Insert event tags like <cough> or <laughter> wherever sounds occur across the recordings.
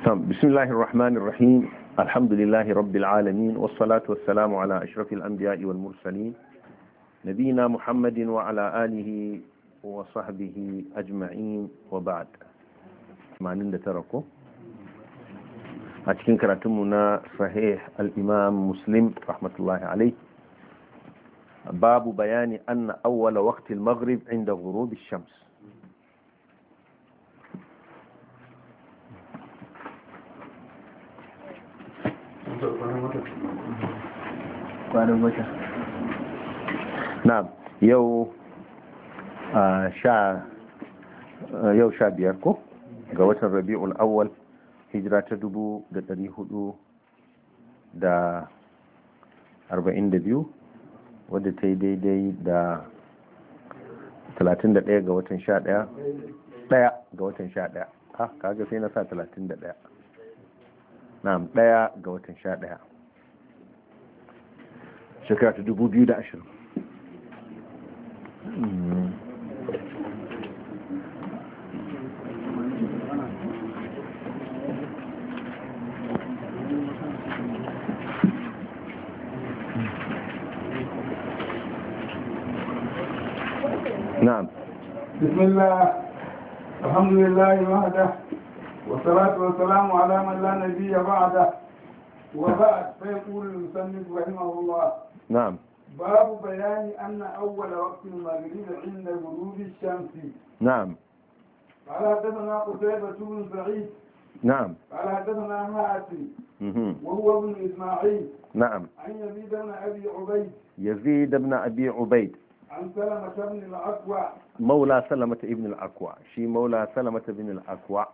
نعم. بسم الله الرحمن الرحيم الحمد لله رب العالمين والصلاة والسلام على أشرف الأنبياء والمرسلين نبينا محمد وعلى آله وصحبه أجمعين وبعد ما تركه أتكين كراتمنا صحيح الإمام مسلم رحمة الله عليه باب بيان أن أول وقت المغرب عند غروب الشمس na yau ah, sha ah, yau sha biyar ko ga watan rabi'ul awwal hijira ta dubu da dari hudu da arba'in da biyu wadda ta yi daidai da talatin da ɗaya ga watan sha ɗaya ɗaya ga watan sha ɗaya ha kaga sai na sa talatin da ɗaya na ɗaya ga watan sha ɗaya نعم بسم الله الحمد لله وحده والصلاة والسلام على من لا نبي بعده وبعد فيقول المسلم رحمه الله نعم باب بيان أن أول وقت المغرب عند غروب الشمس نعم قال حدثنا قتيبة بن سعيد نعم قال حدثنا هاتي وهو ابن إسماعيل نعم عن يزيد بن أبي عبيد يزيد بن أبي عبيد عن سلمة بن الأكوع مولى سلمة ابن الأكوع شي مولى سلمة بن الأكوع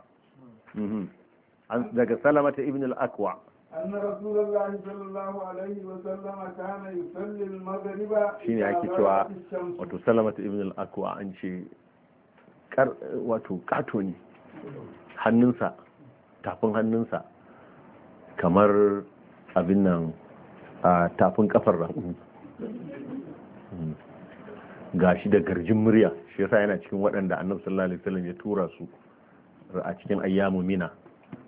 عن نعم. سلمة ابن الأكوع أن رسول الله صلى الله عليه وسلم كان يصلي المغرب شيني أكي توا وتسلمة ابن الأكوى عن شي kar wato kato ne tafin hannunsa kamar abin nan tafin kafar rakumi ga da garjin murya shiyasa yana cikin waɗanda annabi ya tura su a cikin ayyamu mina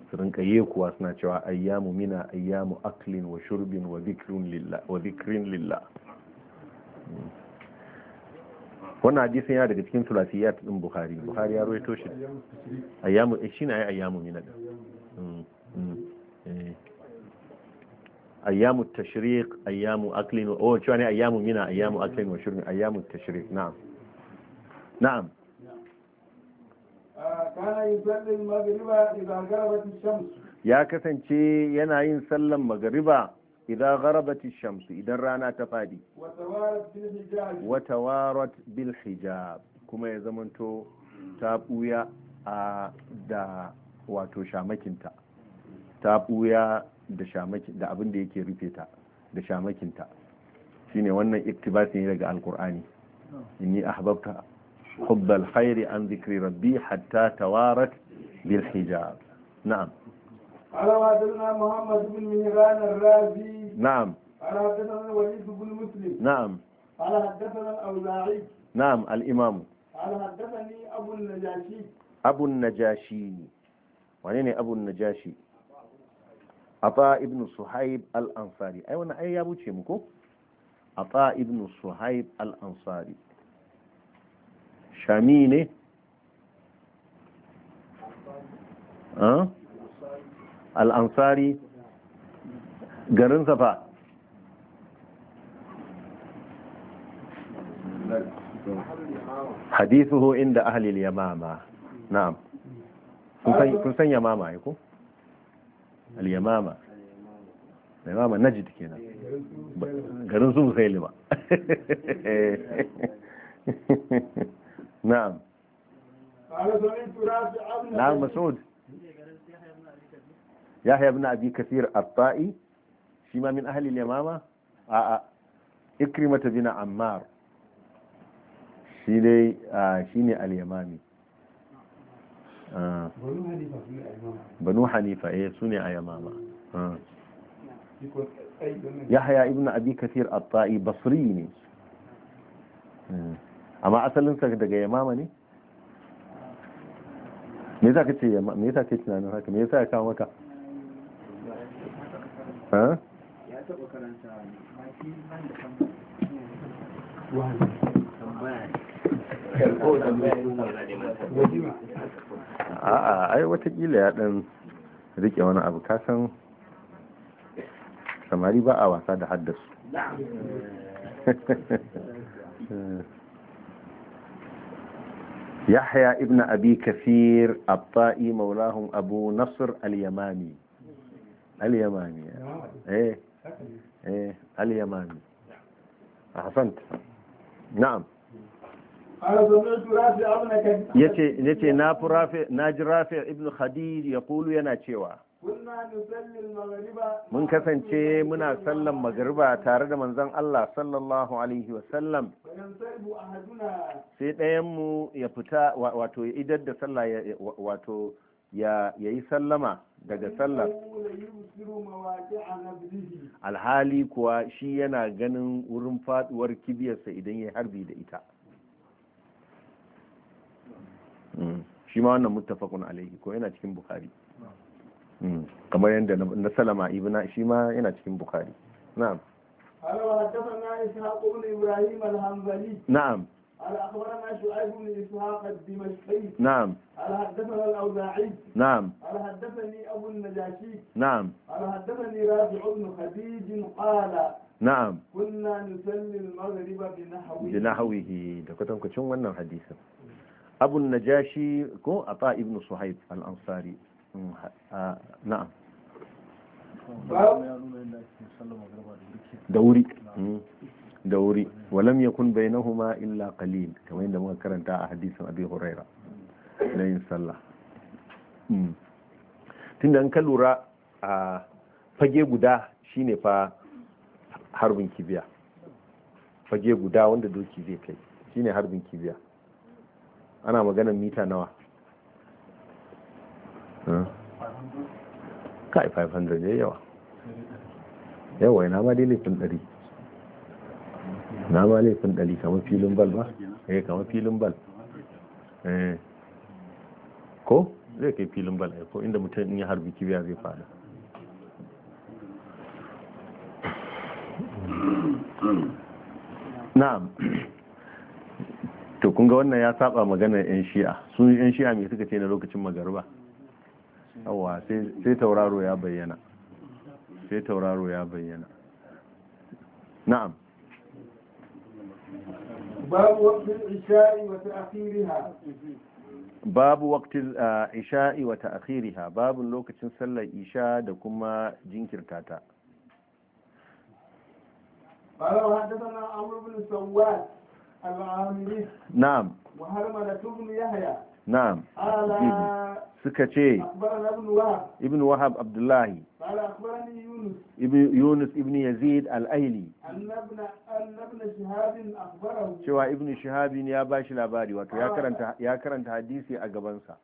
su rinka kuwa suna cewa ayyamu mina ayyamu aklin wa shurbin wa zikirin lilla. Hmm. wannan hadisin yana daga cikin sulasiyat din bukhari bukhari ya rawaito shi ayyamu eh, shi na yi ayyamu mina da hmm, hmm, eh. ayyamu tashriq ayyamu aklin wa oh cewa ne ayyamu mina ayyamu aklin wa shurbin ayyamu tashriq na'am na'am ya kasance yana yin sallan magariba idan gharabati shamsu idan rana ta fadi wata warat bil hijab kuma ya zamanto ta buya a da wato shamakinta ta buya da shamakin da abin da yake rufe ta da shamakinta shine wannan iktibasi ne daga alkur'ani inni ahbabta حب الخير عن ذكر ربي حتى توارت بالحجاب نعم على وادنا محمد بن ميران الرازي نعم على حدثنا الوليد بن مسلم نعم على حدثنا الأوزاعي نعم الإمام على حدثني أبو النجاشي أبو النجاشي وين ابو النجاشي عطاء ابن صهيب الانصاري ايوه أي أبو wannan ai ابن صهيب الأنصاري shami ne al'ansari garin safa hadithu inda ahalil yamama na'am kun san yamama ya ko? al-yamama yamama najid kenan garin su musailima <laughs> نعم نعم مسعود يحيى بن أبي كثير الطائي شيما من أهل اليمامة آه، آه، إكرمة بن عمار شيني آه، شيني اليمامي بنو حنيفة إيه يا ماما يحيى ابن أبي كثير الطائي بصريني amma asalinsa daga yamama ne me yasa kace me yasa kace tunanin haka me yasa ya kawo maka ha ya taba karanta a'a ai watakila ya dan rike wani abu kasan samari ba a wasa da haddasu <laughs> yahya ibn abi kafir abta'i maulahum abu nasr al-yamani eh. Eh. Eh, yace yace na furafi na ji rafi ibn khadij yana cewa mun kasance muna sallan magariba tare da manzon Allah sallallahu alaihi wasallam sai ɗayanmu ya fita wato ya idar da sallah wato ya yi sallama daga sallar alhali kuwa shi yana ganin wurin faduwar kibiyarsa idan ya harbi da ita hmm. shi ma wannan muttafaqun alaihi ko yana cikin bukhari kamar yadda na salama shi ma yana cikin bukari na'am na'am قال أخبرنا شعيب بن إسحاق الدمشقي نعم قال حدثنا الأوزاعي نعم قال حدثني أبو النجاشي نعم قال حدثني رافع بن خديج قال نعم كنا نسلي المغرب بنحوه بنحوه ده كنت wannan hadisin Abu Najashi ko Ata ibn Suhaib al-Ansari Mm, na'am da wuri mm. da wuri walam yakun bainahuma illa qalil kamar yadda muka karanta a hadisin abi huraira na yin sallah mm. tunda an ka lura a fage guda shine fa harbin kibiya fage guda wanda doki zai kai shine harbin kibiya ana maganar mita nawa kai 500 ne yawa yawa yana ma dai laifin 100 na ma laifin 100 kama filin bal ba eh kama filin bal eh. ko zai kai filin bal ko inda mutum in ya harbi kibiya zai fada na'am to ga wannan ya saba magana yan shi'a sun yi yan shi'a mai suka ce na lokacin magariba yawa sai tauraro ya bayyana sai tauraro ya bayyana na'am babu waktin isha'i wa ta'khiriha babu waqtil isha'i wa ta'khiriha babu lokacin sallar isha da kuma jinkirta ta قال وحدثنا عمرو بن سواد العامري نعم وهرملة بن يحيى na'am suka ce ibn wahab abdullahi yunus ibn yazid al-aili cewa ibn shihabin ya ba shi labari wato ya karanta hadisi a gabansa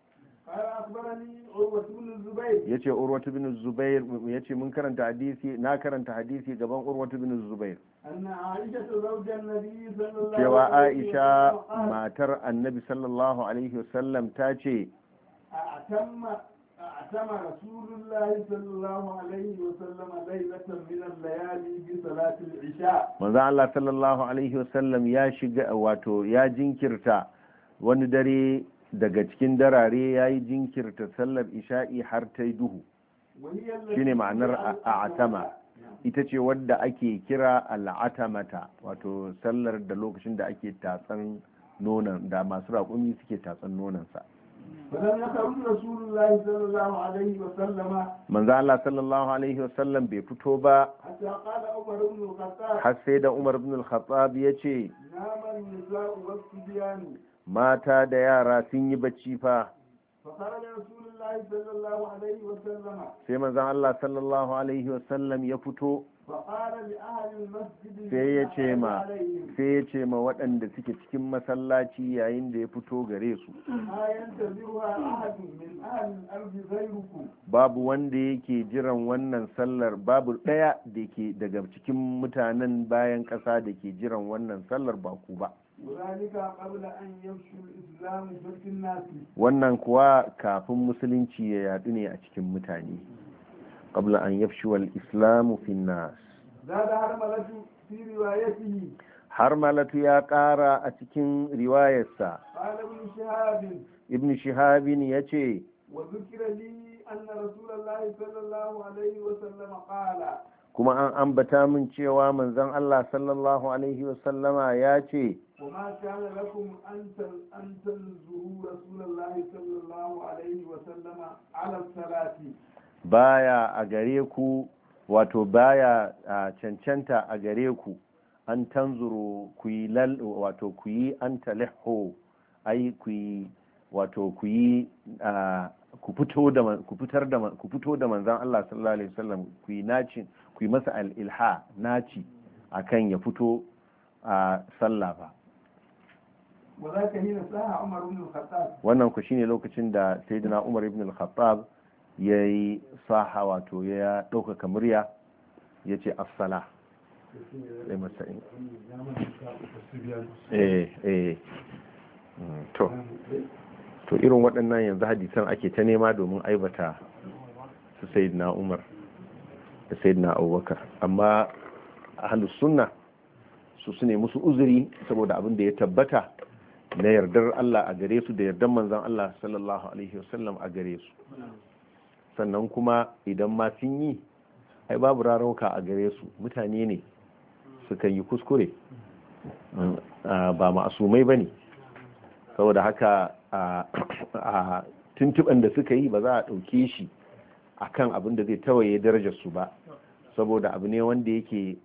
ya ce urwatu bin zubair ya ce mun karanta hadisi na karanta hadisi gaban urwatu bin zubair cewa aisha matar annabi sallallahu alaihi wasallam ta ce أعتم رسول الله صلى الله عليه وسلم ليلة من الليالي بصلاة العشاء ماذا الله صلى الله عليه وسلم يا شجاء واتو يا جنكرتا وندري daga cikin darare ya yi jinkirta sallar isha'i har ta duhu shine ma'anar a atama ita ce wadda ake kira al'atamata wato sallar da lokacin da ake tatsan nonon da masu raƙumi suke tatsan nononsa manzo Allah sallallahu alaihi wasallam bai fito ba har sai da Umar ibn al-Khattab ya ce mata da yara sun yi bacci fa sai manzan Allah sallallahu alaihi wasallam ya fito sai ya ce ma sai ya ce ma waɗanda suke cikin masallaci yayin da ya fito gare su babu wanda yake jiran wannan sallar babu ɗaya da daga cikin mutanen bayan ƙasa da ke jiran wannan sallar baku ba wannan kuwa kafin musulunci ya yadu ne a cikin mutane Ƙabla an yafshu al-islamu fi nas har malatu ya ƙara a cikin riwayarsa ibn shihabin ya ce wa zikira li anna rasulullahi sallallahu alaihi wa sallam qala kuma an ambata min cewa manzon Allah sallallahu alaihi wasallama ya ce وما كان لكم أن أن تنزلوا رسول الله صلى الله عليه وسلم على الصلاة بايا أجريكو wato baya a cancanta a gare ku an tanzuru ku yi wato ku yi an taliho ai ku yi wato ku yi ku fito da manzan Allah sallallahu alaihi ku yi nacin ku yi masa al'ilha naci akan ya fito a sallah ba wannan ku shine lokacin da sayyidina umar ibn al-khattab ya yi saha wato ya ɗaukaka murya ya ce assala sai eh, eh. Mm, to to irin waɗannan yanzu hadisan ake ta nema domin aibata su sayyidina umar da sayyidina abubakar amma ahlus sunna su su ne musu uzuri saboda abin da ya tabbata na yardar Allah a gare su da yardar manzon Allah sallallahu alaihi wasallam a gare su sannan kuma idan ma sun yi ai babu rarauka a gare su mutane ne kan yi kuskure ba ma'asumai ba ne saboda haka a tuntuban da suka yi ba za a ɗauke shi a kan abin da zai tawaye darajar su ba saboda abu ne wanda yake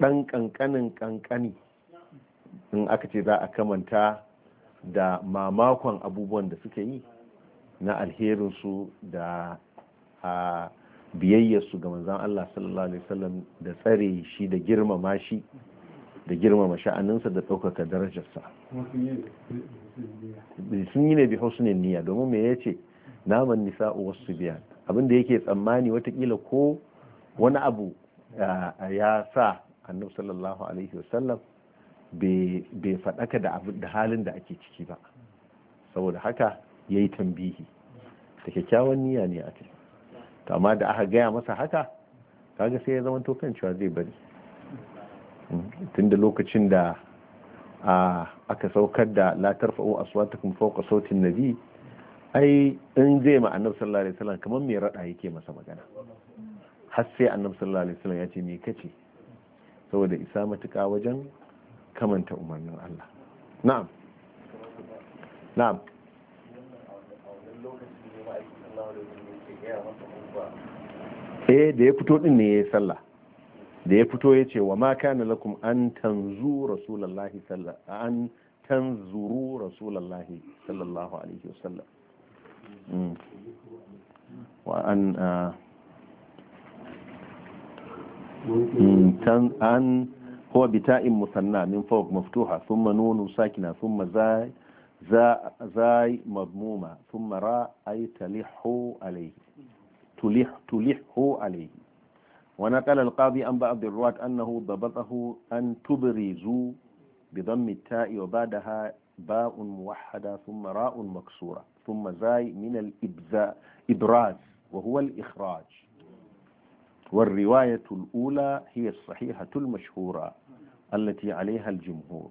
ɗan ƙanƙanin ƙanƙani in aka ce za a kamanta da mamakon abubuwan da suka yi na alherinsu da a biyayyarsu ga manzan Allah sallallahu Alaihi wasallam da tsare shi da girmama shi da girmama sha'aninsa da ɗaukaka darajarsa sun yi ne bi husnin niyya domin me ya ce naman nisa wasu biya abin da yake tsammani watakila ko wani abu ya sa annabi sallallahu alaihi wasallam bai faɗaka da da halin da ake ciki ba saboda haka ya yi tambihi da kyakkyawan niyya ne a kai amma da aka gaya masa haka kaga sai ya zama to cewa zai bari tunda lokacin da aka saukar da latar fa'o aswatakum fawqa sautin nabi ai in zai ma annabi sallallahu alaihi wasallam kamar mai rada yake masa magana har sai annabi sallallahu alaihi wasallam ya ce me kace saboda isa matuƙa wajen kamanta umarnin Allah na'am na'am eh da ya fito din ne yayi sallah da ya fito yace wa ma kana lakum an tanzu rasulullahi sallallahu an tanzuru rasulullahi sallallahu alaihi wasallam وأن آه، أن هو بتاء مثنى من فوق مفتوحة ثم نون ساكنة ثم زاي زاي مضمومة ثم راء أي تلح عليه تلح تلح عليه ونقل القاضي عن بعض الرواة أنه ضبطه أن تبرزوا بضم التاء وبعدها باء موحدة ثم راء مكسورة ثم زاي من الإبزاء إبراز وهو الإخراج والرواية الأولى هي الصحيحة المشهورة التي عليها الجمهور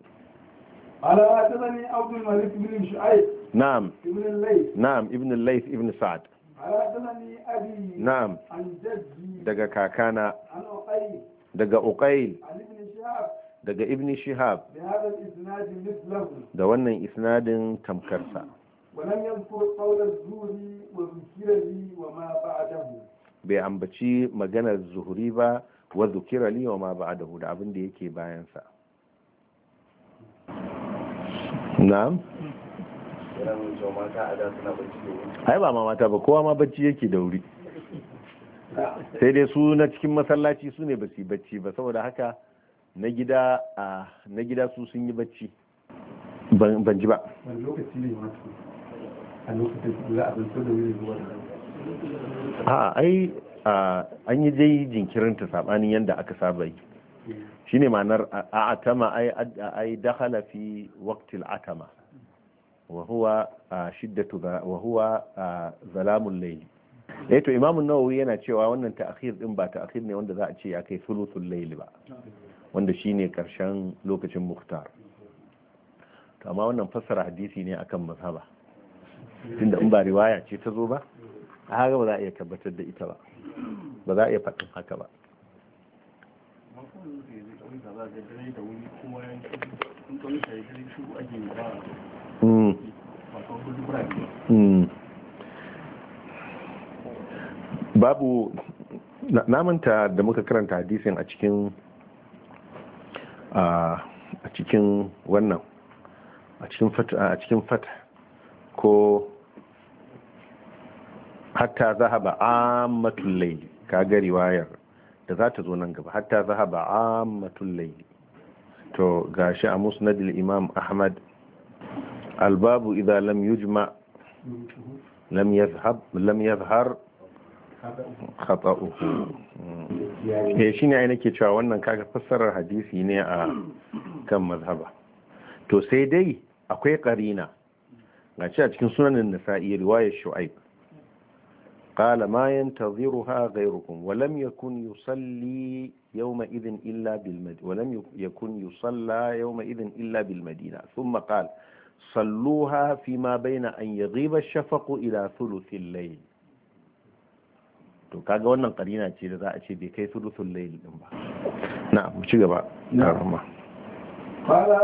على حدثني عبد الملك بن شعيب نعم ابن الليث نعم ابن الليث ابن سعد على حدثني أبي نعم عن جدي دقا كاكانا عن أقيل دقا أقيل عن ابن شهاب دقا ابن شهاب بهذا الإسناد مثله ده wannan isnadin tamkarsa ولم يذكر قول الزهري وذكره وما بعده bai ambaci maganar zuhuri ba wa zukira li wa ma ba'dahu da abin da yake bayan sa na'am ai ba ma mata ba kowa ma bacci yake da wuri sai dai su na cikin masallaci su ne basi bacci ba saboda haka na gida na gida su sun yi bacci ban ji ba a ai an yi dai jinkirin ta yadda aka saba yi Shi ne ma'anar a atama ai dakhala fi waqtil atama Wahuwa huwa shiddatu wahuwa zalamun laili. layl eh to imamun nawa nawawi yana cewa wannan ta'khir din ba ta'khir ne wanda za a ce ya kai sulutun laili ba wanda shine karshen lokacin muktar. to amma wannan fassara hadisi ne akan mazhaba tunda in ba riwaya ce ta zo ba a haka ba za a iya tabbatar da ita ba ba za a iya faɗin haka ba hmm. Hmm. babu namanta da muka karanta hadisin a cikin a cikin wannan a cikin fata ko hatta zahaba ammatul layli gari riwayar da za ta zo nan gaba hatta zahaba ammatul layli to gashi a musnad imam ahmad albabu idza lam yujma lam yazhab lam yazhar khata'uhu hmm. eh shine ai nake cewa wannan kaga fassarar hadisi ne a kan mazhaba to sai dai akwai karina gashi a cikin sunanin nasa'i riwayar shu'aib قال ما ينتظرها غيركم ولم يكن يصلي يومئذ إلا بالمدينة ولم يكن يصلى يومئذ إلا بالمدينة ثم قال صلوها فيما بين أن يغيب الشفق إلى ثلث الليل to kaga wannan karina ce da za a ce bai kai su rufin layl din ba na'am ci gaba na rama na'am qala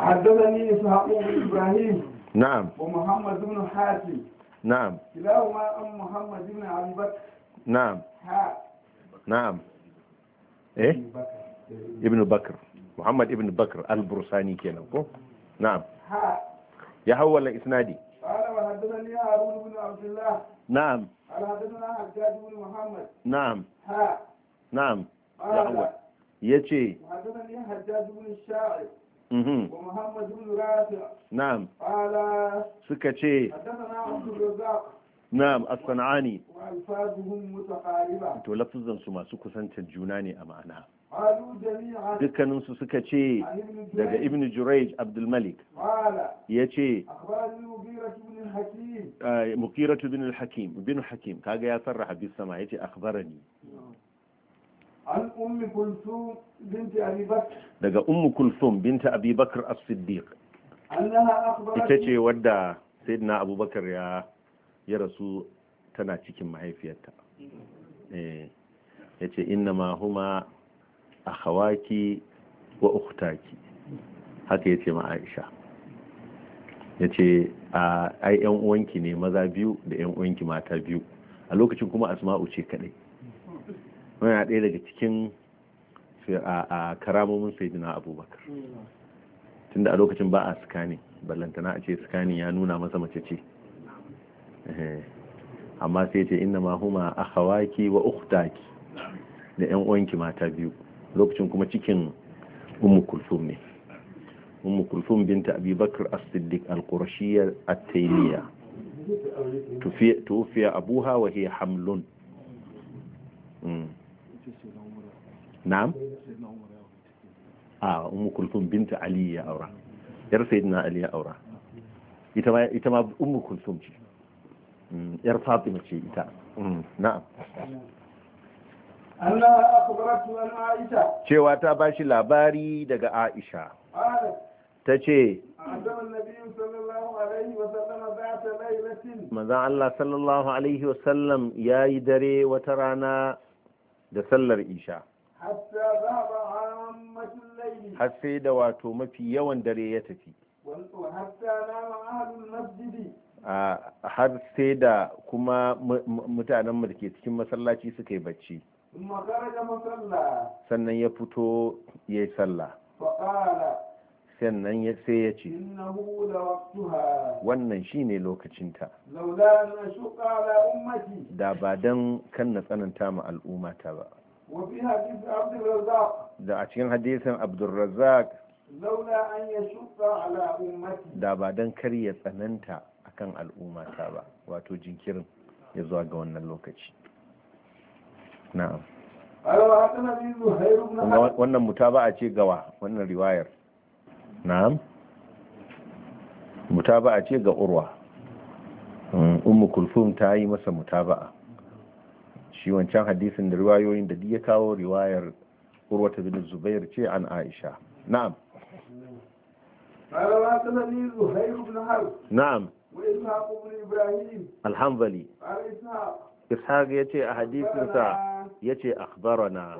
haddathani su ibn ibrahim na'am wa muhammadu ibn hatim نعم كلاهما أم محمد بن أبي بكر نعم ها نعم إيه ابن بكر محمد ابن بكر البرساني كان نعم ها يا هو ولا إسنادي قال وحدثني هارون بن عبد الله نعم قال حدثنا حجاج بن محمد نعم ها نعم يا هو يجي حدثني حجاج بن الشاعر ومحمد بن رافع na'am as to lafzan su masu kusantar juna ne a ma'ana dukkaninsu suka ce daga ibn juraij abdul malik yace mukiratu bin hakim bin hakim kaga ya sarraha bis sama ce akhbarani daga أم كلثوم بنت أبي بكر دقى wadda كلثوم abubakar أبي rasu tana cikin mahaifiyarta eh yace ma huma akhawaki wa ukhtaki haka yace ma Aisha yace ai yan uwanki ne maza biyu da yan uwanki mata biyu a lokacin kuma Asma'u ce kadai wani ɗaya daga cikin a karamomin saidina abubakar tunda a lokacin ba a scanning ballantana a ce scanning ya nuna masa mace ce amma sai ce inna ma huma hawaki wa ukhtaki da yan uwanki mata biyu lokacin kuma cikin umu kulthum ne umu kulthum binta abubakar a as-siddiq al-qurashiyya at tufiya abuha wa hiya hamlun hmm. na'am a ah, binta ali ya aura yar sayyidina ali ya aura ita ma ita ma ce mm, yar fatima ce ita mm, na'am Allah an Aisha cewa ta bashi labari daga Aisha ta ce manzan Allah sallallahu alaihi wasallam ya yi dare wata rana da sallar isha har sai da wato mafi yawan dare ya tafi har sai da kuma mutanenmu da ke cikin masallaci suka yi bacci sannan ya fito ya yi sallah nan ya sai ya ce wannan shi ne lokacinta da ba don kan na tsananta ma al'ummata ba da a cikin hadisin abdulrazak da ba don kar ya tsananta a kan al'ummata ba wato jinkirin ya zuwa ga wannan lokaci na'am wannan a ce gawa wannan riwayar na'am mutaba'a ce ga urwa mm, ummu Kulfum ta yi masa mutaba'a shi wancan hadisin da riwayoyin da ya kawo riwayar Urwa ta bin zubair ce an aisha na'am na'am alhamdali ishaq ya ce a hadisinsa yace akhbarana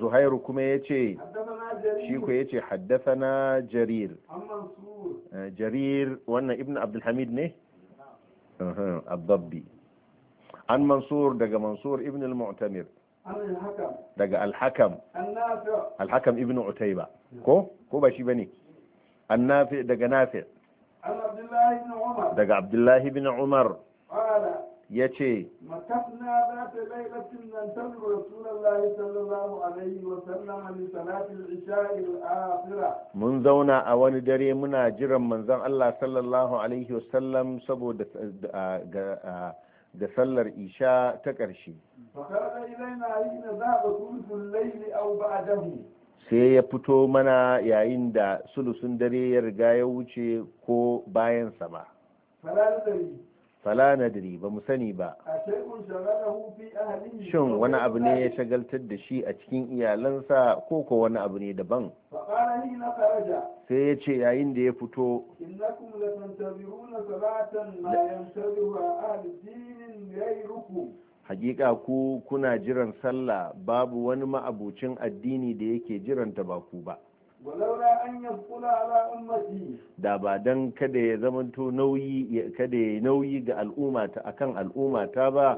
zuhairu kuma yace shi ko yace haddathana jarir jarir wannan ibn abdulhamid hamid ne abdabbi an mansur daga mansur ibn al-mu'tamir daga al-hakam al-hakam ibn utayba ko ko ba shi bane annafi daga nafi daga abdullahi ibn umar ya ce makasna za ta dai lafin nan ta lura sunan layi sallallahu alaihi wa sallam a misalatin al afira mun zauna a wani dare muna jiran manzan allah sallallahu alaihi wa sallam saboda da sallar isha ta ƙarshe bakarar ilai na yi na za a sulhun laili au ba'adahu sai ya fito mana yayin da sulusun dare ya riga ya wuce ko bayan sama. Salatu dare. fala nadri ba mu sani ba shin wani abu ne ya shagaltar da shi a cikin iyalansa ko ko wani abu ne daban sai ya ce yayin da ya fito hakika ku kuna jiran sallah babu wani ma'abucin addini da yake jiranta ba ku ba da ba don kada ya zamanto nauyi kada ya nauyi ga al'ummata akan al'ummata ba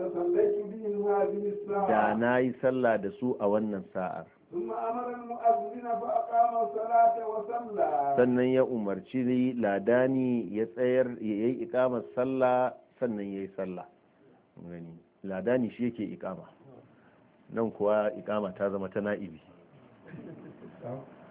da na yi sallah da su a wannan sa'ar sannan ya umarci ladani ya tsayar ya yi ikamar sallah sannan ya yi sallah ladani shi yake ikama nan kuwa ikama ta zama ta na'ibi <laughs>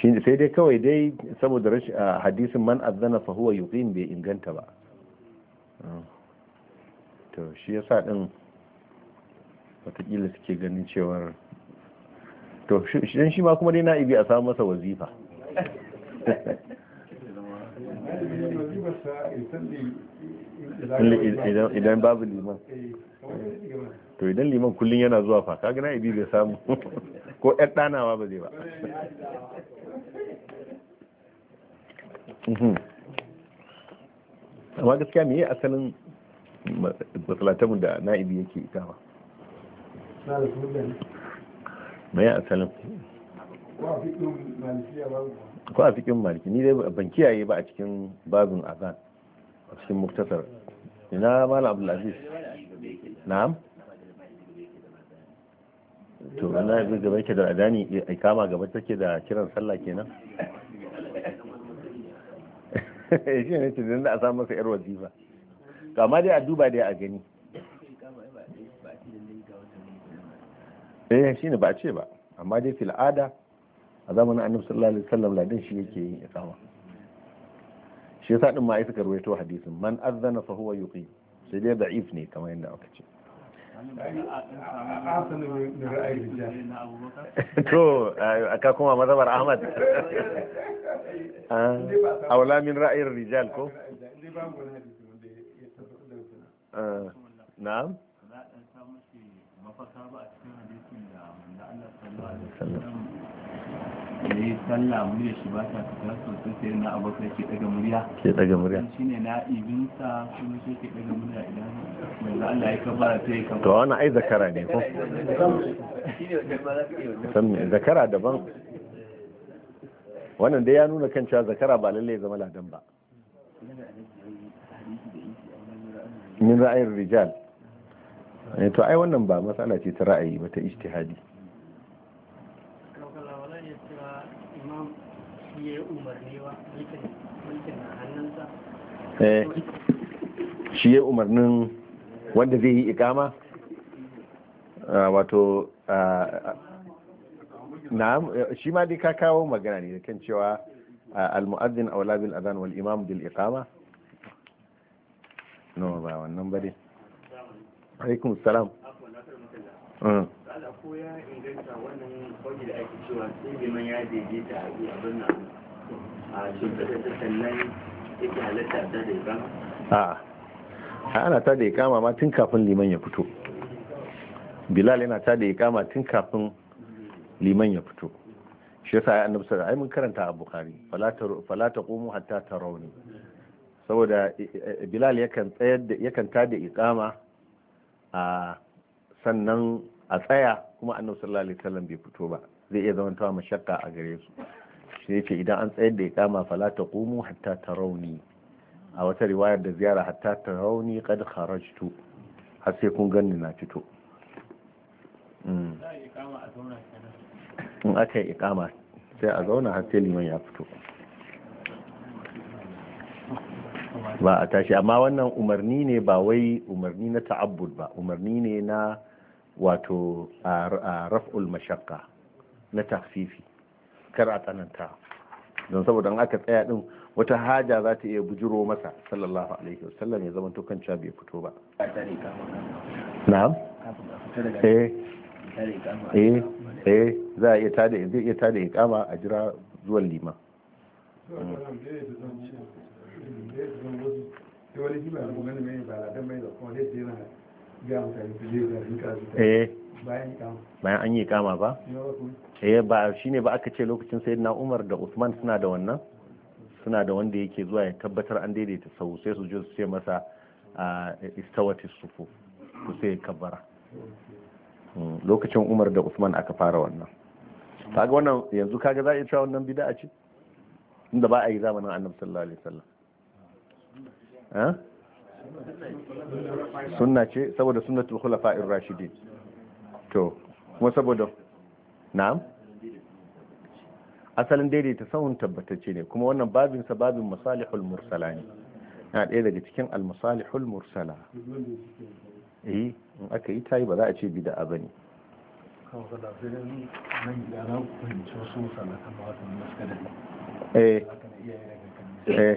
sai dai kawai dai saboda hadisin man azana fa huwa yuqim bai inganta ba to shi yasa din watakila suke ganin cewar to shi shi ma kuma dai na a samu masa wazifa idan babu liman eh, to idan liman kullum yana zuwa fa kaga na idi zai samu ko yar ɗanawa ba zai ba mhm. amma gaskiya me asalin matsalatamu da na'ibi yake ita ikama mai asalin ko a fikin maliki ni dai ban kiyaye ba a cikin babin azan a cikin muktasar ina mala abdulaziz na'am to Allah ya gaba yake da adani kama gaba take da kiran sallah kenan eh <laughs> shi ne tunan da a samu masa yar wazifa to amma dai a duba dai a gani eh shi ne ba a ce ba amma dai fil ada a zamanin annabi sallallahu alaihi wasallam ladan shi yake yin ikama shi yasa din ma ai suka ruwaito hadisin man azzana fa huwa yuqim sai dai da'if ne kamar yadda aka ce to aka kuma mazhabar ahmad ah, aula min ra'ayin rijal ko ah, na'am mafaka ba a cikin hadisin da na Allah sallallahu alaihi wasallam da ya salla murya shi ba ta fitar sosai sai na abokai ke daga murya ke daga murya shi ne na ibinsa shi ne shi ke daga murya idan yanzu Allah ya kabara sai ya kabara to wannan ai zakara ne ko zakara daban wannan dai ya nuna kan cewa zakara ba lallai zama ladan ba min ra'ayin rijal eh, to ai wannan ba matsala ce ta ra'ayi ba ta ijtihadi Eh, shi ya umarni umarnin wanda zai yi ikama ah, wato ah, ah, na shi ma dai ka kawo magana ne kan cewa al muaddin aula bil adhan wal imam bil iqama no ba wannan ba alaikum salam a ana ta da ikama ma tun kafin liman ya fito bilal yana ta da ikama tun kafin liman ya fito shi yasa ya annabta da mun karanta a bukhari falata taqumu hatta rauni. saboda eh, eh, bilal yakan tsayar da yakan ta da ikama a sannan a tsaya kuma annabi sallallahu alaihi wasallam bai fito ba zai iya zamantawa mashakka a gare su shi yace idan an tsayar da iqama fala taqumu hatta tarawni a wata riwayar da ziyara hatta tarawni qad kharajtu har sai kun ganni na fito in aka yi iqama sai a zauna har sai liman ya fito ba a tashi amma wannan umarni ne ba wai umarni na ta'abbud ba umarni ne na wato raf'ul mashakka na tafifi kar a tsananta don saboda an aka tsaya din wata haja za ta iya bujiro masa sallallahu alaihi wasallam ya zama to kanciya bai fito ba na'am eh eh eh za a iya tada zai iya tada kama a jira zuwan liman Eh. bayan an yi kama ba eh ba shine ba aka ce lokacin sayyidina Umar da Usman suna da wannan suna da wanda yake zuwa ya tabbatar an daidaita sau sai su je su ce masa a ah, istawati sufu ku sai kabbara hmm, lokacin Umar da Usman aka fara wannan kaga wannan yanzu kaga za a cewa wannan bid'a ce inda ba a yi zamanin Annabi sallallahu alaihi wasallam eh? sunna ce saboda sunnatul khulafa'ir rashidin to kuma saboda na'am asalin daidaita sahun tabbatacce ne kuma wannan babin sa babin masalihul mursala ne na ɗaya daga cikin almasalihul mursala eh in aka yi tayi ba za a ce bid'a bane eh eh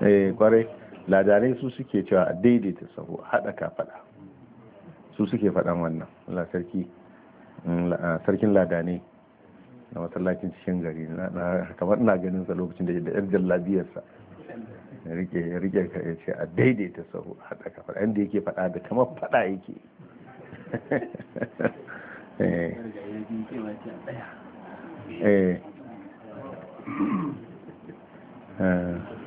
Eh, kwarai ladarai su suke cewa a daidaita sahu hada fada su suke faɗan wannan Allah sarki mm, ah, sarkin ladane na masallacin cikin gari kamar ina ganin sa lokacin da yadda yar jallabiyarsa rike rike ka ya ce a daidaita sahu hada fada inda yake faɗa da kamar faɗa yake <laughs> eh eh ah.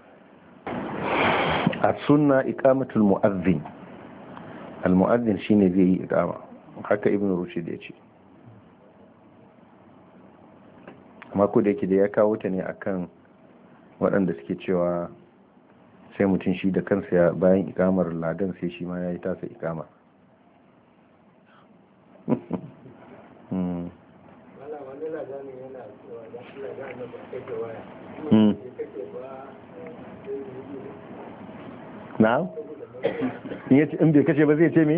a suna ikamatul mu'azzin al-mu'azzin shine zai yi ikama haka ibn rushd ya ce amma ko da yake da ya kawo ta ne akan waɗanda suke cewa sai mutum shi da kansa ya bayan ikamar ladan sai shi ma ya yi tasa ikama hmm. na in bai kashe ba zai ce me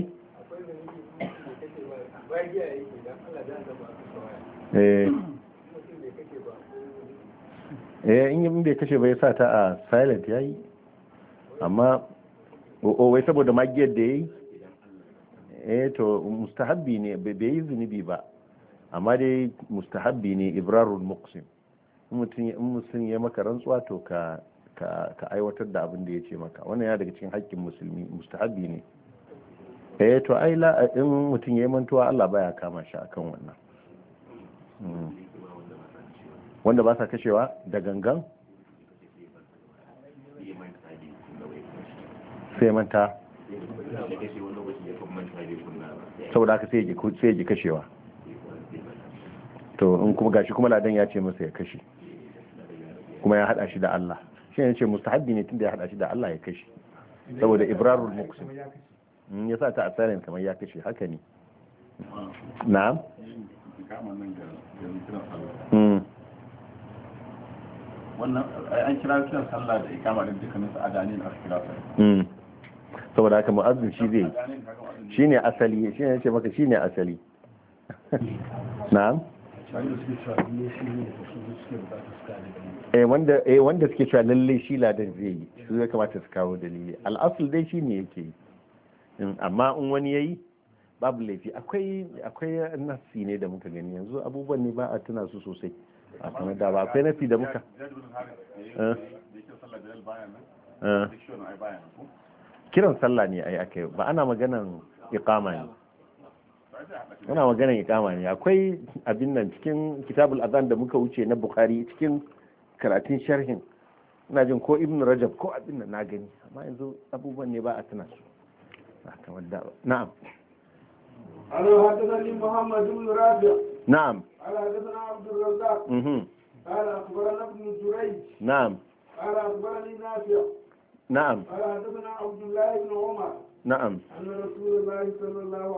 eh, eh in bai kashe ba ya sa ta a silent ya yi amma wai saboda magiyar da ya yi eh to mustahabbi ne bai yi zunubi ba amma dai mustahabbi ne ibrarul muqsim in mutum ya maka rantsuwa to ka ka aiwatar da abin da ya ce maka wannan yana daga cikin haƙƙin musulmi mustahabi ne eh to ai la in mutum yayi mantuwa Allah baya kama shi akan wannan hmm. wanda ba sa kashewa da gangan sai manta saboda haka sai ya ji kashewa to in kuma gashi kuma ladan ya ce masa ya kashe kuma ya hada shi da Allah shi ne ce mustahabbi ne tun da ya hada shi da Allah ya kashe saboda ibrarul muqsim mm, ya sa ta asalin kamar ya kashe haka ne na'am mm. wannan eh, an kira kiran sallah da ikama din dukkanin su adanin a kira mm. saboda haka mu'azzin shi zai shine asali shine yace maka shine asali <laughs> na'am wanda suke cewa lallai shi ladan zai yi su ya kamata su kawo dalili al'asul dai shi ne yake yi mm, amma in wani ya yi babu laifi akwai akwai nasi ne da muka gani yanzu abubuwan ne ba a tuna su sosai a sanar da ba akwai nasi da muka eh. Eh. kiran sallah ne a yi aka ba ana maganan iqama ne muna maganar ikama ne akwai abin nan cikin kitabul azan da muka wuce na bukhari cikin karatun sharhin ina jin ko ibn rajab ko abin nan na gani amma yanzu abubuwan ne ba a tuna su kamar da na'am قال حدثني محمد بن رافع نعم قال حدثنا عبد الرزاق قال اخبرنا ابن جريج نعم قال اخبرني نافع نعم Na'am. حدثنا عبد الله بن عمر na'am an rasulullahi sallallahu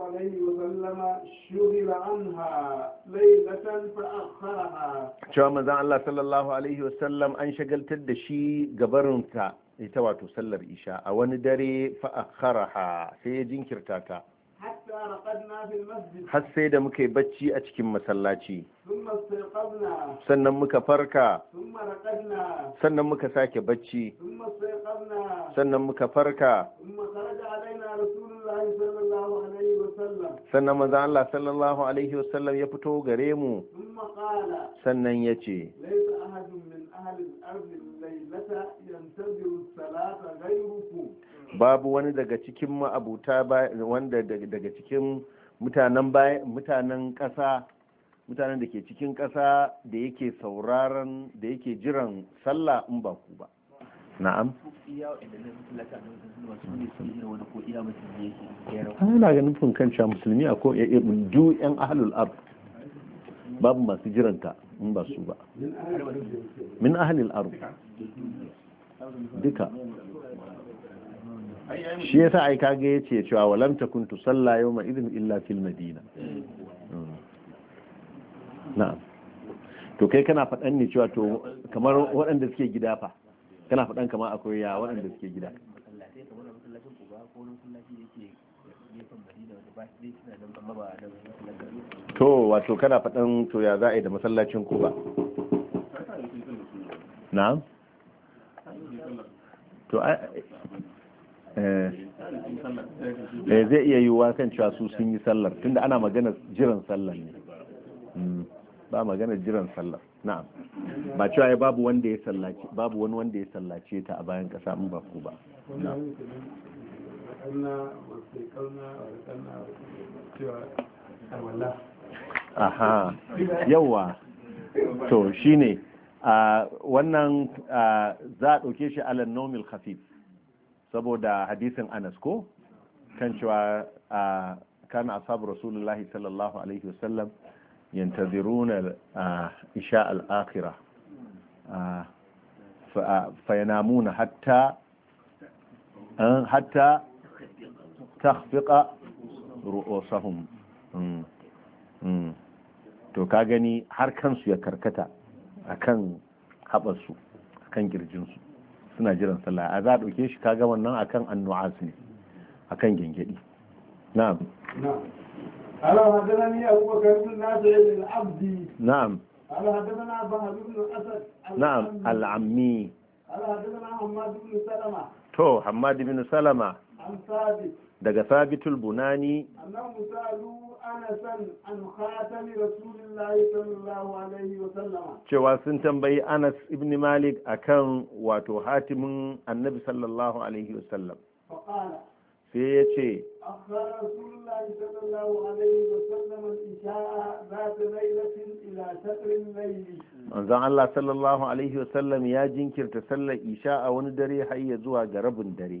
Allah sallallahu alaihi wa sallam an shagaltar da shi gabarin ita wato sallar isha a wani dare fa akharaha sai ya jinkirta ta har sai da muka yi bacci a cikin masallaci sannan muka farka sannan muka sake bacci sannan muka farka sannan maza Allah sallallahu alaihi wasallam ya fito gare mu sannan ya ce min babu wani daga cikin ma'abuta wanda daga cikin mutanen ƙasa mutanen da ke cikin ƙasa da yake sauraron da yake jiran sallah in ba ku ba na'am ana ganin nufin kanca musulmi a ko eh, eh, du yan ahlul ab babu masu jiranta in ba su ba min ahlul ardu duka shi yasa ai kage yace cewa walam takun tusalla yawma idin illa fil madina hmm. na to kai kana fadan ne cewa to kamar waɗanda suke gida fa kana fadan kamar akwai ya waɗanda suke gida to wato kana faɗan to ya za a yi da masallacin ku ba na to Eh. eh zai iya yiwuwa kan cewa su sun yi sallar tunda ana magana jiran sallar ne hmm. ba magana jiran sallar na'am ba cewa ya babu wanda ya sallace babu wani wanda ya sallace ta a bayan kasa in ba ku ba aha yawa to shine ah, wannan ah, za a ɗauke shi alal nomil khafif saboda hadisin anas ko kan cewa a kana ashabu rasulullahi sallallahu alaihi wasallam yantaziruna isha al fa yanamuna hatta hatta takhfiqa ru'usahum mm, mm. to ka gani har kansu ya karkata akan haɓarsu akan kirjinsu suna jiran sallah a za a ɗauke shi kaga wannan akan annu'as ne akan gengedi na'am ala abu bakar bin nasir bin abdi na'am ala ba bahar bin asad na'am ammi ala hadanana hamad bin salama to hamad bin salama an sabit daga sabitul bunani cewa sun tambayi anas ibn malik akan wato hatimin annabi sallallahu alaihi wasallam sai ya ce manzon Allah sallallahu alaihi wasallam ya jinkirta sallar isha a wani dare har ya zuwa ga rabin dare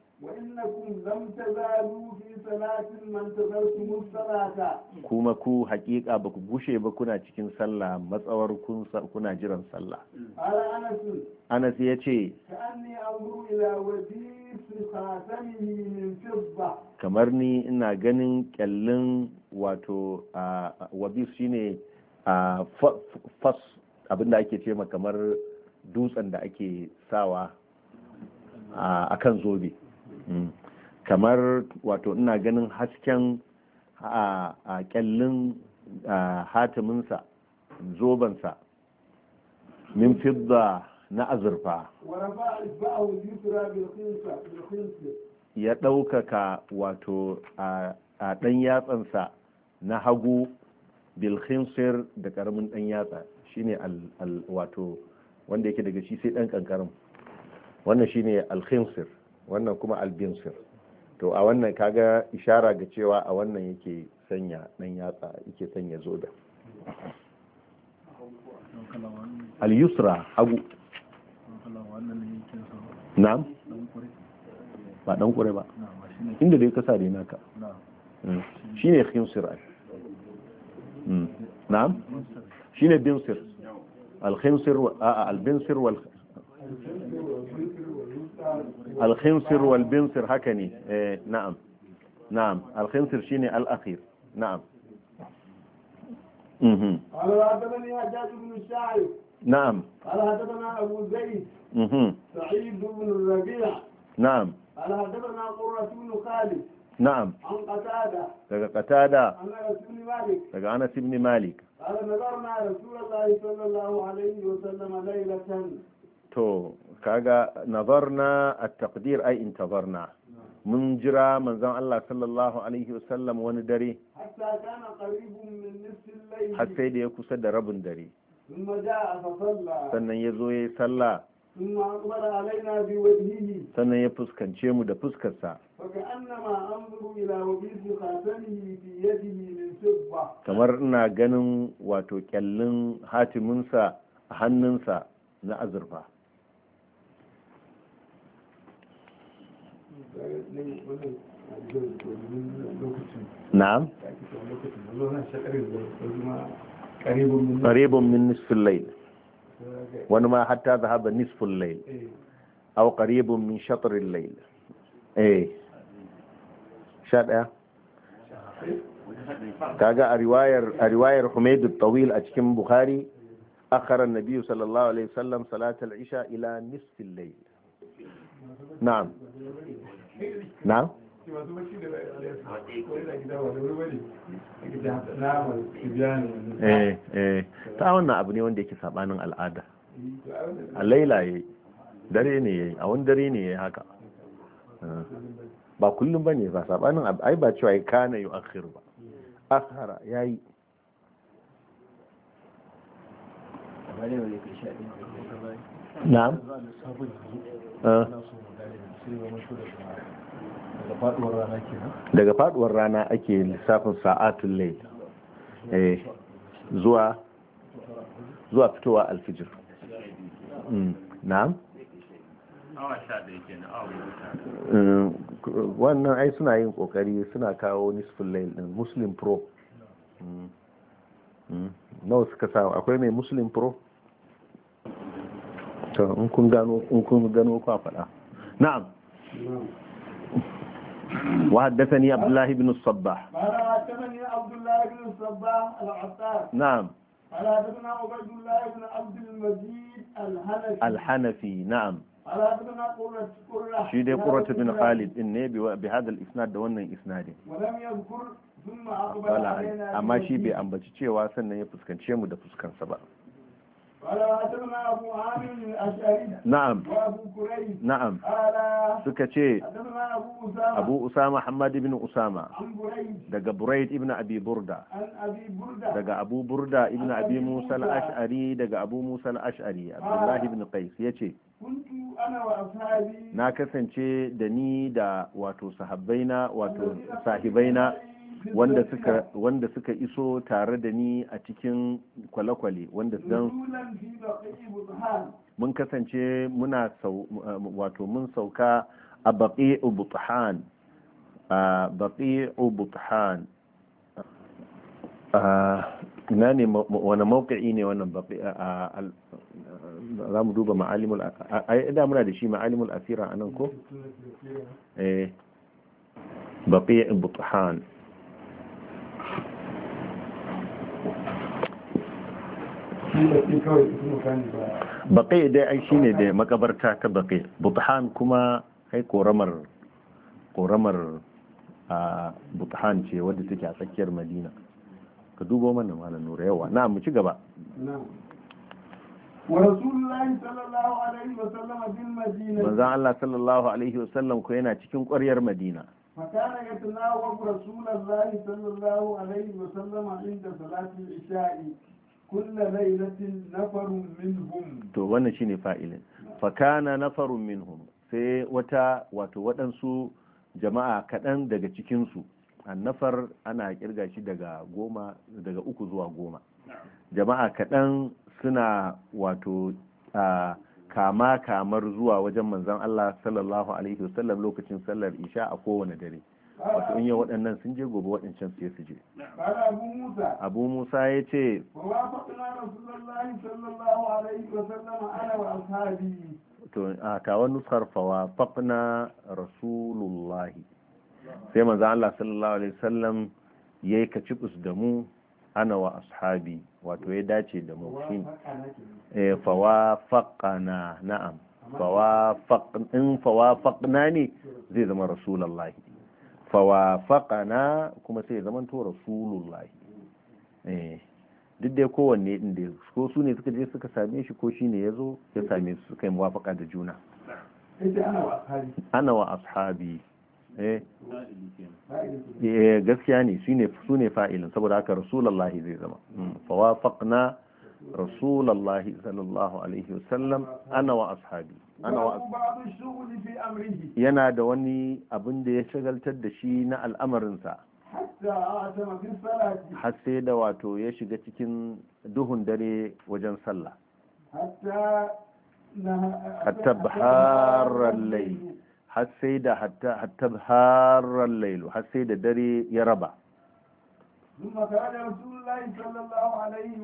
وإنكم لم تزالوا في صلاة من تزلتم الصلاة كما كو حقيقة بكبوشي بكنا تكين صلاة مصور كنا جرا صلاة على أنس أنس يتي كأني أنظر إلى وديس خاتمه من فضة كمرني إنا جنن كلن واتو وديس شيني fas abinda ake ce ma kamar dutsen da ake sawa a kan zobe Mm. kamar wato ina ganin hasken a kyallin hatiminsa zobensa min fidda na azurfa ya ɗaukaka wato a ɗan yatsansa na hagu bilhinsir da ƙaramin ɗan yatsa shine wato wanda yake daga shi sai ɗan ƙanƙarin wannan shine alhinsir wannan kuma albinsir to a wannan kaga ishara ga cewa a wannan yake sanya dan yatsa yake sanya zoda al-yusra hagu na'am ba dan kure ba inda dai ka sare naka hmm. shine khinsir ai hmm. na'am shine binsir al-khinsir al-binsir wal الخنصر والبنصر هكني إيه، نعم نعم الخنصر شيني الأخير نعم قال حدثني حجاج بن الشاعر نعم قال حدثنا أبو زيد سعيد بن الربيع نعم قال حدثنا قرة بن خالد نعم عن قتادة daga قتادة عن أنس بن مالك daga أنس بن مالك قال نظرنا رسول الله صلى الله عليه وسلم ليلة تو kaga nazarna at-taqdir ay intazarna mun jira manzon Allah sallallahu alaihi wasallam wani dare har sai da ya kusa da rabin dare sannan ya zo ya yi sallah sannan ya fuskance mu da fuskarsa kamar ina ganin wato kyallin hatiminsa a hannunsa na azurfa na'am qaribun min nisfil layl wani ma hatta zahaba nisful layl qaribun min layl eh sha daya kaga a riwayar a riwayar tawil a cikin Bukhari akhara nabi sallallahu alaihi wasallam isha ila nisfil layl na'am na eh eh ta wannan abu ne wanda yake sabanin al'ada a lailaye dare ne yi a wani dare ne yi haka ba kullum ba ne ba sabanin ai ba cewa ya kana akhir ba akhara yayi na? daga faduwar rana ake lissafin sa'atun lai eh, zuwa fitowa alfijir mm, na'am mm, wannan ai suna yin kokari suna kawo nisfin lail din muslim pro mm, nawa suka samu akwai mai muslim pro to in kun gano in faɗa na'am وحدثني عبد الله بن الصباح قال حدثني عبد الله بن الصباح العطار نعم قال حدثنا الله بن عبد المجيد الحنفي الحنفي نعم قال حدثنا قرة قرة شيدي قرة بن خالد إني بهذا الإسناد دون إسناد ولم يذكر ثم أقبل علينا أما شي بي أمبتشي cewa sannan ya fuskance mu da نعم نعم سكتي abu usama hamad ibn usama daga buraid ibn abi burda daga abu burda ibn abi musa al-ash'ari daga abu musa al-ash'ari abdullahi ibn qais yace na kasance da ni da wato sahabbaina wato sahibaina wanda suka wanda suka iso tare da ni a cikin kwale-kwale wanda dan mun kasance muna wato mun sauka a baƙi'u buthan ah, baƙi'u buthan ah, ina ne wani mawuƙi ne wannan baƙi a ah, za mu duba ma'alimul da muna da shi ma'alimul asira a nan ko? Eh, baƙi'u buthan baƙi dai shi ne da makabarta ta baƙi buthan kuma kai koramar koramar a butahan ce wadda take a tsakiyar madina ka dubo mana malam nura yawa na mu ci gaba manzan Allah sallallahu alaihi wasallam ko yana cikin ƙwaryar madina فكان يتناوب رسول الله صلى الله عليه وسلم عند صلاة العشاء كل ليلة نفر منهم تو وانا شيني فائل فكان نفر منهم sai wata wato waɗansu jama'a kaɗan daga cikinsu nafar ana kirga shi daga goma daga uku zuwa goma jama'a kaɗan suna wato kama kamar zuwa wajen manzan Allah sallallahu alaihi wasallam lokacin sallar isha a kowane dare wato in yi waɗannan sun je gobe waɗancan su su je abu musa ya ce to a tawa nusar fawa faqna rasulullahi sai manzo Allah sallallahu alaihi wasallam yayi kacibus da mu ana wa ashabi wato ya dace da mu shi eh fawa faqana na'am fawa in fawa faqna ne zai zama rasulullahi fawa faqana kuma sai ya to rasulullahi eh duk dai kowanne din da ko su ne suka je suka same shi ko shi ne ya zo ya same su suka yi muwafaka da juna ana wa ashabi eh. eh gaskiya ne su ne su ne fa'ilin saboda haka rasulullahi zai zama hmm. fa wafaqna rasulullahi sallallahu alaihi wasallam ana wa ashabi ana wa yana da wani abin da ya shagaltar da shi na al'amarin sa. har sai da wato ya shiga cikin duhun dare wajen sallah hatta baharar lailu har sai da hatta baharar hatsai har sai da dare ya raba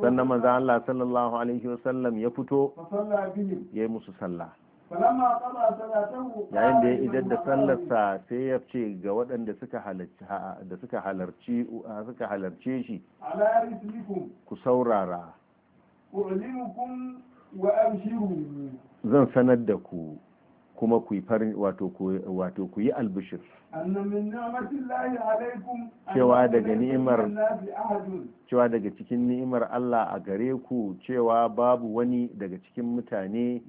sannan manzan Allah sallallahu alaihi wasallam ya fito ya yi musu sallah yayin da ya idar da sallarsa sai ya ce ga waɗanda suka halarci suka halarce shi ku saurara zan sanar da ku kuma ku yi farin wato ku yi albishir cewa daga ni'imar cewa daga cikin ni'imar Allah a gare ku cewa babu wani daga cikin mutane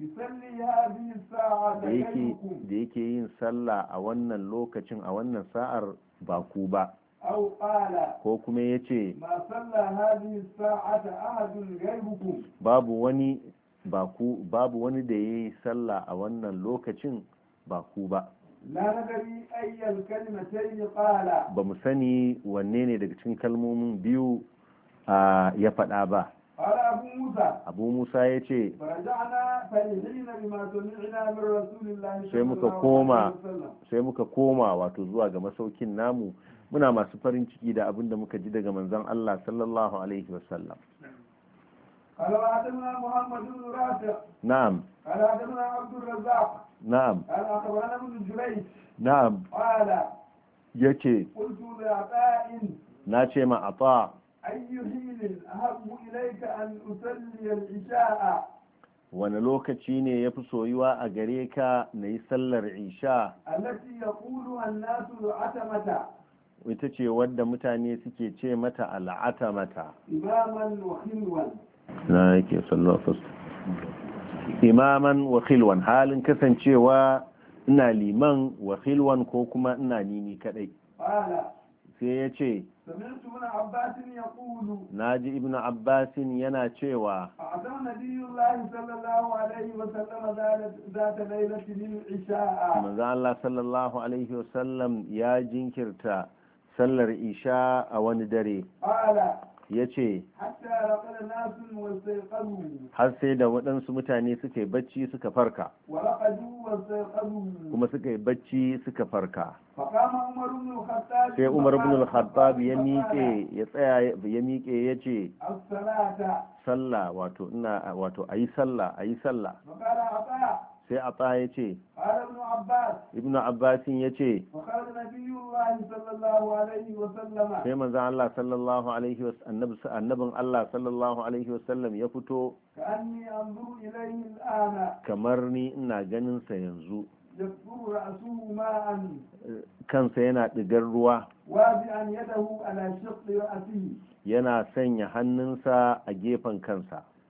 da yake da yake yin sallah a wannan lokacin a wannan sa'ar ba ku ba ko kuma ya ce babu wani ba ku babu wani da ya yi sallah a wannan lokacin ba ku ba ba mu sani wanne ne daga cikin kalmomin biyu ya faɗa ba abu musa ya ce sai muka koma wato zuwa ga masaukin namu muna masu farin ciki da abinda muka ji daga manzon allah sallallahu alaihi wasallam قال حدثنا محمد بن رافع نعم قال حدثنا عبد الرزاق نعم قال اخبرنا ابن جريج نعم قال yace na ce ma a ta wani lokaci ne ya fi soyuwa a gare ka na yi sallar isha ita ce wadda mutane suke ce mata al'atamata imaman na yake sallallahu fasta imaman wa khilwan halin kasancewa ina liman wa khilwan ko kuma ina nini kadai sai ya ce na ji ibn abbasin yana cewa Maza Allah sallallahu alaihi wasallam ya jinkirta sallar isha a wani dare ya ce har sai da waɗansu mutane suka yi bacci suka farka kuma suka yi bacci suka farka sai umar ibn al-khattab ya miƙe ya tsaya ya miƙe ya ce sallah wato ina wato ayi sallah ayi sallah sai a ya ce ibn abbasin ya ce sai manzan Allah sallallahu alaihi wasallam annabin Allah sallallahu alaihi wasallam ya fito kamar ni ina ganin sa yanzu kansa yana ɗigar ruwa yana sanya hannunsa a gefen kansa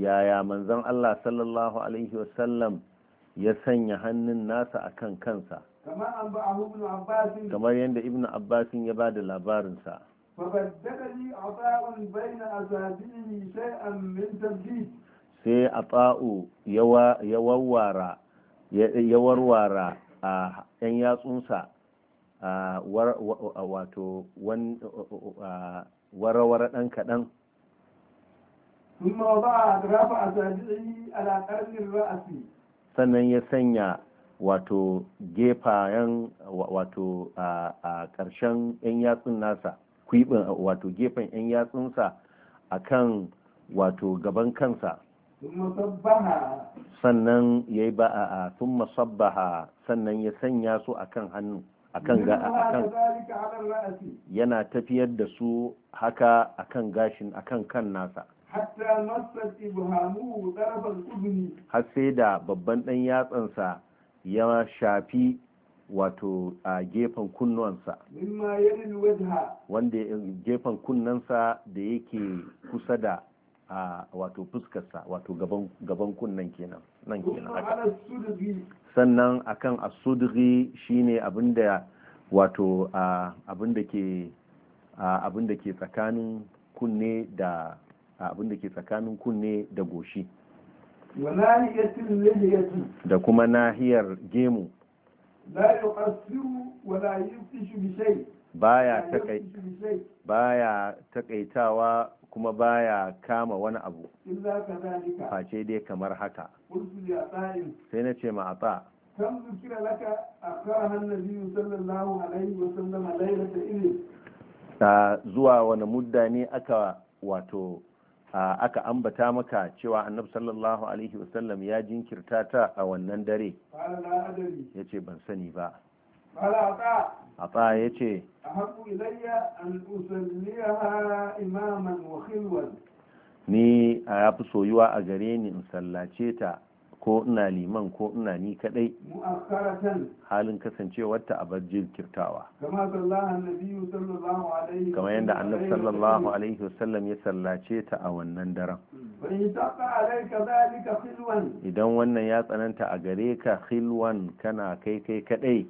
yaya manzon Allah sallallahu alaihi wasallam ya sanya hannun nasa akan kansa kamar yadda ibnu abbasin ya ba da labarinsa sai a fa'o ya warwara a ‘yan yatsunsa wato warawar ɗan kaɗan ثم وضع أطراف أصابعه على قرن الرأس sannan ya sanya wato gefayen wato a ƙarshen 'yan yatsun nasa kwibin wato gefen 'yan yatsunsa a kan wato gaban kansa sannan ya yi ba'a sun masabbaha sannan ya sanya su a kan hannu a kan yana tafiyar da su haka a kan gashin a kan kan nasa hatta masar ibhamu tarafal udni har sai da babban dan yatsansa ya shafi wato a gefen kunnuwansa wanda gefen kunnansa da yake kusa da a wato fuskarsa wato gaban kunnan kenan nan kenan haka sannan akan asudri shine abinda wato abinda ke abinda ke tsakanin kunne da a abin da ke tsakanin kunne da goshi da kuma nahiyar gemu baya takaitawa kuma baya kama wani abu face dai kamar haka sai na ce ma'afa kan zukira laka a kawahan na biyu sallallahu alaihi wa sallam a lairata ilil zuwa wani mudda ne aka wato aka ambata maka cewa annab sallallahu alaihi wasallam ya jinkirta ta a wannan dare ya ce ban sani ba ata ya ce ni a ya fi soyuwa a gare ni in sallace ta ko ina liman ko ina ni kadai halin kasancewarta a bar jirkirtawa kamar yadda annabi sallallahu alaihi wasallam ya sallace ta a wannan daren idan wannan ya tsananta a gare ka khilwan kana kai kai kadai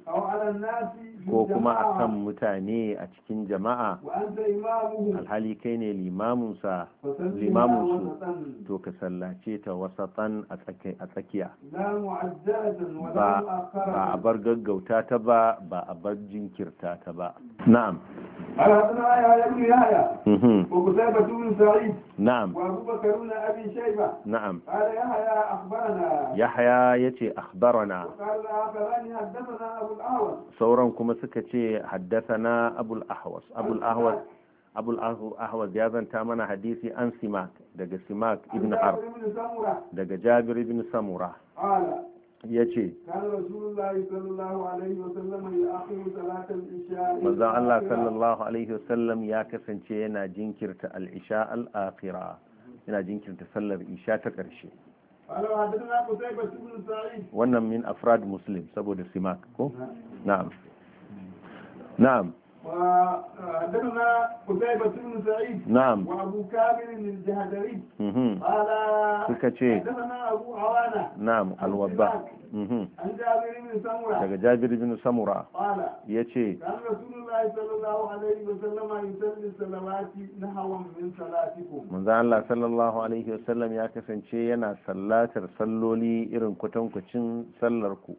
ko kuma a kan mutane a cikin jama'a alhali kai ne limamunsa limamunsu to ka sallace ta wasatan a tsakiya. tsakiya ba a bar gaggauta ta ba ba a bar jinkirta ta ba na'am mhm. na'am ya haya ya ce akhbarana sauran kuma suka ce haddasa na abul ahawas abul ahwaz ya zanta mana hadisi an simak daga simak ibn har daga jabir ibn samura ya ce manzan Allah sallallahu alaihi wasallam ya kasance yana jinkirta al'isha al'afira. yana jinkirta sallar isha ta ƙarshe wannan min afrad muslim saboda simak ko na'am na'am وحدثنا قتيبة بن سعيد نعم daga Jabir bin Samura yace dan Rasulullahi Allah sallallahu alaihi wasallam ya kasance yana sallatar salloli irin kutankucin sallar ku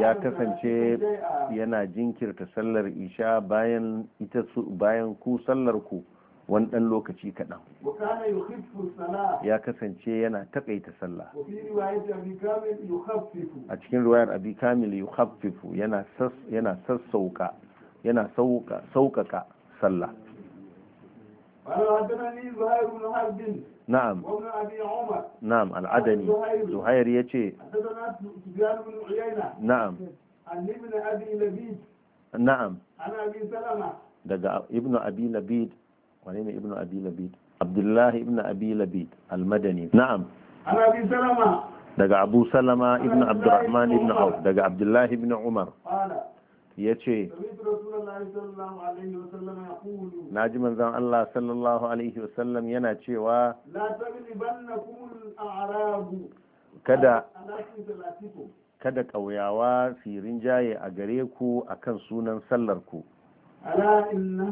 ya kasance yana jinkir ta sallar isha bayan ita su bayan ku sallar ku wani dan lokaci kaɗan ya kasance yana takaita sallah a cikin riwayar abi kamil yukhaffifu yana yana sassauka yana sauka saukaka sallah نعم وابن أبي عمر نعم العدني زهير يجي نعم عن ابن أبي لبيد na'am daga ibnu abi labid wane ne ibnu abi labid abdullahi ibnu abi labid almadani na'am daga abu salama ibnu abdurrahman ibnu auf daga abdullahi ibnu umar ya ce na ji manzan Allah sallallahu alaihi wasallam yana cewa kada kada ƙauyawa su rinjaye a gare ku akan sunan sallar ku ala inna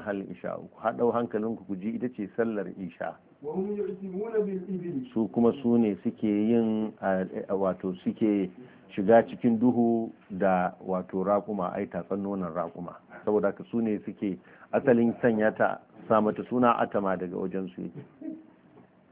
hal ishau ku haɗau hankalinku ku ji ita ce sallar isha su kuma su ne suke yin wato suke shiga cikin duhu da wato raƙuma ai tatsan nonon raƙuma saboda ka su ne suke asalin sanya ta samata suna atama daga wajen su yake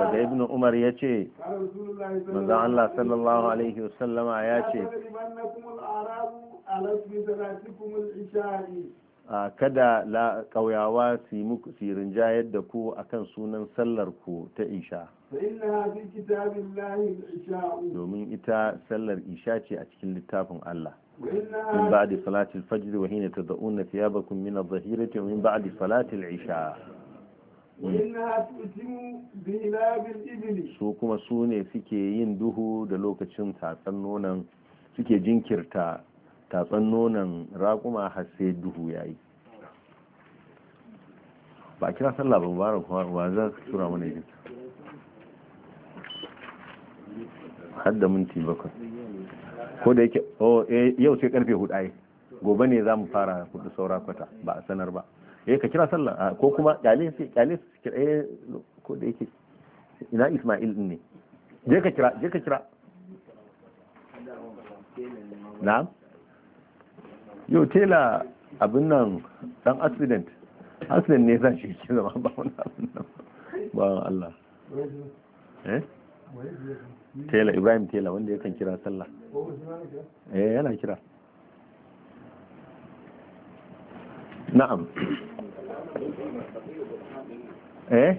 daga ibn umar ya ce manzan Allah sallallahu alaihi wasallama ya ce a kada la kauyawa su yi rinjayar da ku akan sunan sallar ku ta isha domin ita sallar isha ce a cikin littafin Allah min ba'di salatil fajr wa hina tad'una thiyabakum min adh-dhahirati wa min ba'di salatil isha Mm. su kuma su ne suke yin duhu da lokacin tatsan nonon suke jinkirta tatsan nonon raƙuma har sai duhu ya yi ba kira sallah ba mubarak ba za su tura mana yi har da minti bakwai ko da yake oh, eh, yau sai karfe hudu ai gobe ne za mu fara hudu saura kwata ba a sanar ba eh ka kira sallah ah, ko kuma kyale sai kyale kira eh ko da yake ina Isma'il din ne je ka kira je ka kira na'am yo tela abin nan dan accident accident ne zan shi ke zama ba wani abin nan ba Allah eh tela ibrahim tela wanda ya kira sallah eh yana kira na'am eh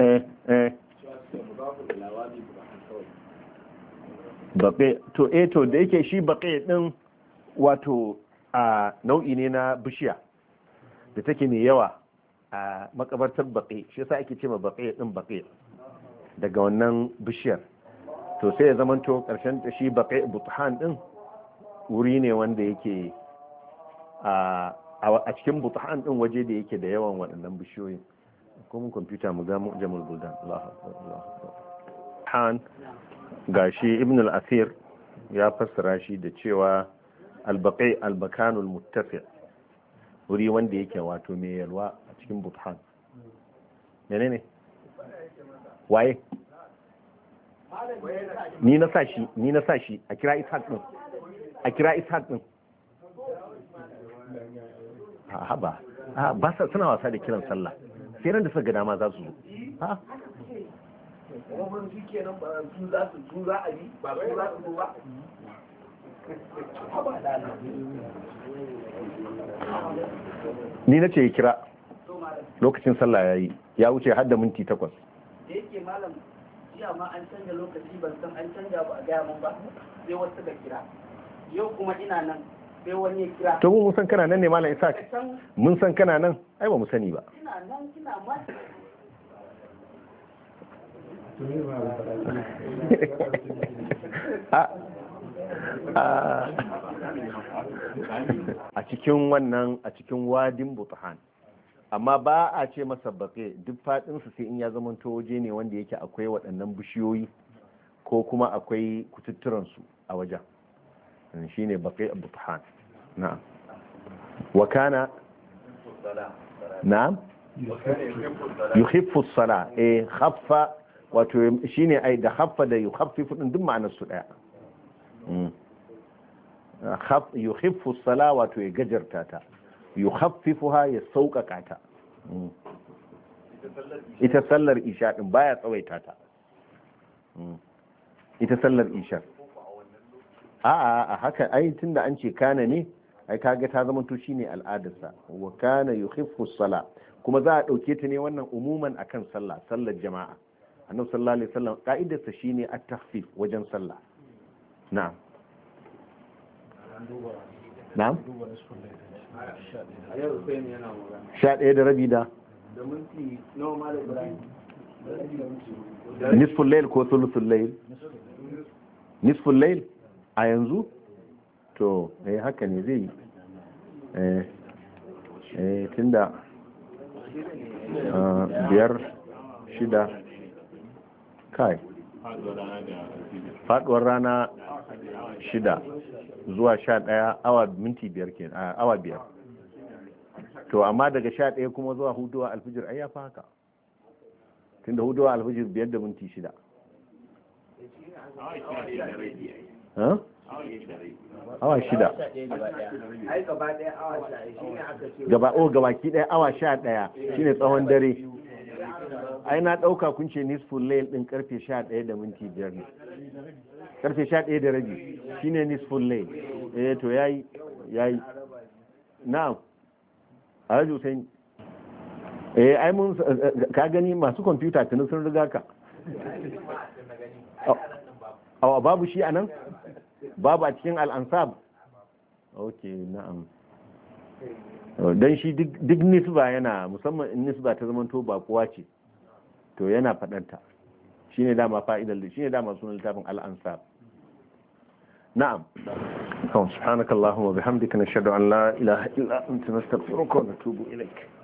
eh, eh. baƙe to eh to da yake shi baƙe ɗin wato a nau'i ne na bishiya da take mai yawa a makabartar baƙe shi yasa ake ce ma baƙe ɗin baƙe daga wannan bishiyar to sai ya zamanto ƙarshen shi baƙe butuhan ɗin wuri ne wanda yake a a cikin buthan din waje da yake da yawan waɗannan bishiyoyin komin kwamfuta mu ga mu'jamul buldan Allahu Akbar Han gashi Ibn al-Asir ya fassara shi da cewa albaqai albakanul muttafi wuri wanda yake wato mai yalwa a cikin buthan menene waye ni na sa shi ni na sashi a kira ishaq din a kira ishaq din haba ba sa suna wasa da kiran sallah sai nan da suka ga dama za su zo ni na ce ya kira lokacin sallah ya yi ya wuce har da minti takwas da yake malam jiya ma an canja lokaci ban san an canja ba a gaya mun ba sai wasu da kira yau kuma ina nan to mu san kana nan ne malam Isaac mun san kana nan ai ba mu sani ba <laughs> ah, ah. a cikin wannan a cikin wadin butuhan amma ba a ce masa baƙe duk faɗinsu sai in ya zamanto waje ne wanda yake akwai waɗannan bishiyoyi ko kuma akwai kututturansu a wajen shi ne baƙe a na'am wa kana na'am yukhiffu as-sala eh khaffa wato shine ai da khaffa da yukhaffifu din duk ma'anar su daya yukhiffu as-sala wato ya gajarta ta yukhaffifuha ya sauƙaƙa ta ita sallar isha din baya tsawaita ta ita sallar isha a haka ai tunda an ce ne ai kaga ta zama to shine al'adarsa wa kana yuhibbu sala kuma za a dauke ta ne wannan umuman akan sallah sallar jama'a annabi sallallahu alaihi wasallam ka'idarsa shine at-takhfif wajen sallah na'am na'am sha ɗaya da rabi da nisful lail ko sulusul lail nisful lail a yanzu to eh haka ne zai eh eh tunda ah, biyar shida kai faduwar rana shida zuwa sha daya awa minti biyar ke ah, awa biyar to amma daga sha daya kuma zuwa huduwa alfijir ai ya fi haka tunda huduwa alfijir biyar da minti shida awa shida gaba o gabaki daya awa sha daya shine oh, tsawon dare ai na dauka kun ce nisful layl din karfe daya da minti biyar ne karfe daya da rabi shine nisful layl eh to yayi yayi na'am alhaji Hussein eh ai mun ka gani masu kwamfuta tuni sun riga ka babu shi anan babu a cikin al'ansab ok na'am don shi duk nisba yana musamman in nisba ta zama to ba kowa ce to yana faɗanta shi ne dama fa'idar da shi ne dama sunan littafin al'ansab na'am subhanakallahumma bihamdika nashhadu an la ilaha illa anta nastaghfiruka wa natubu ilaik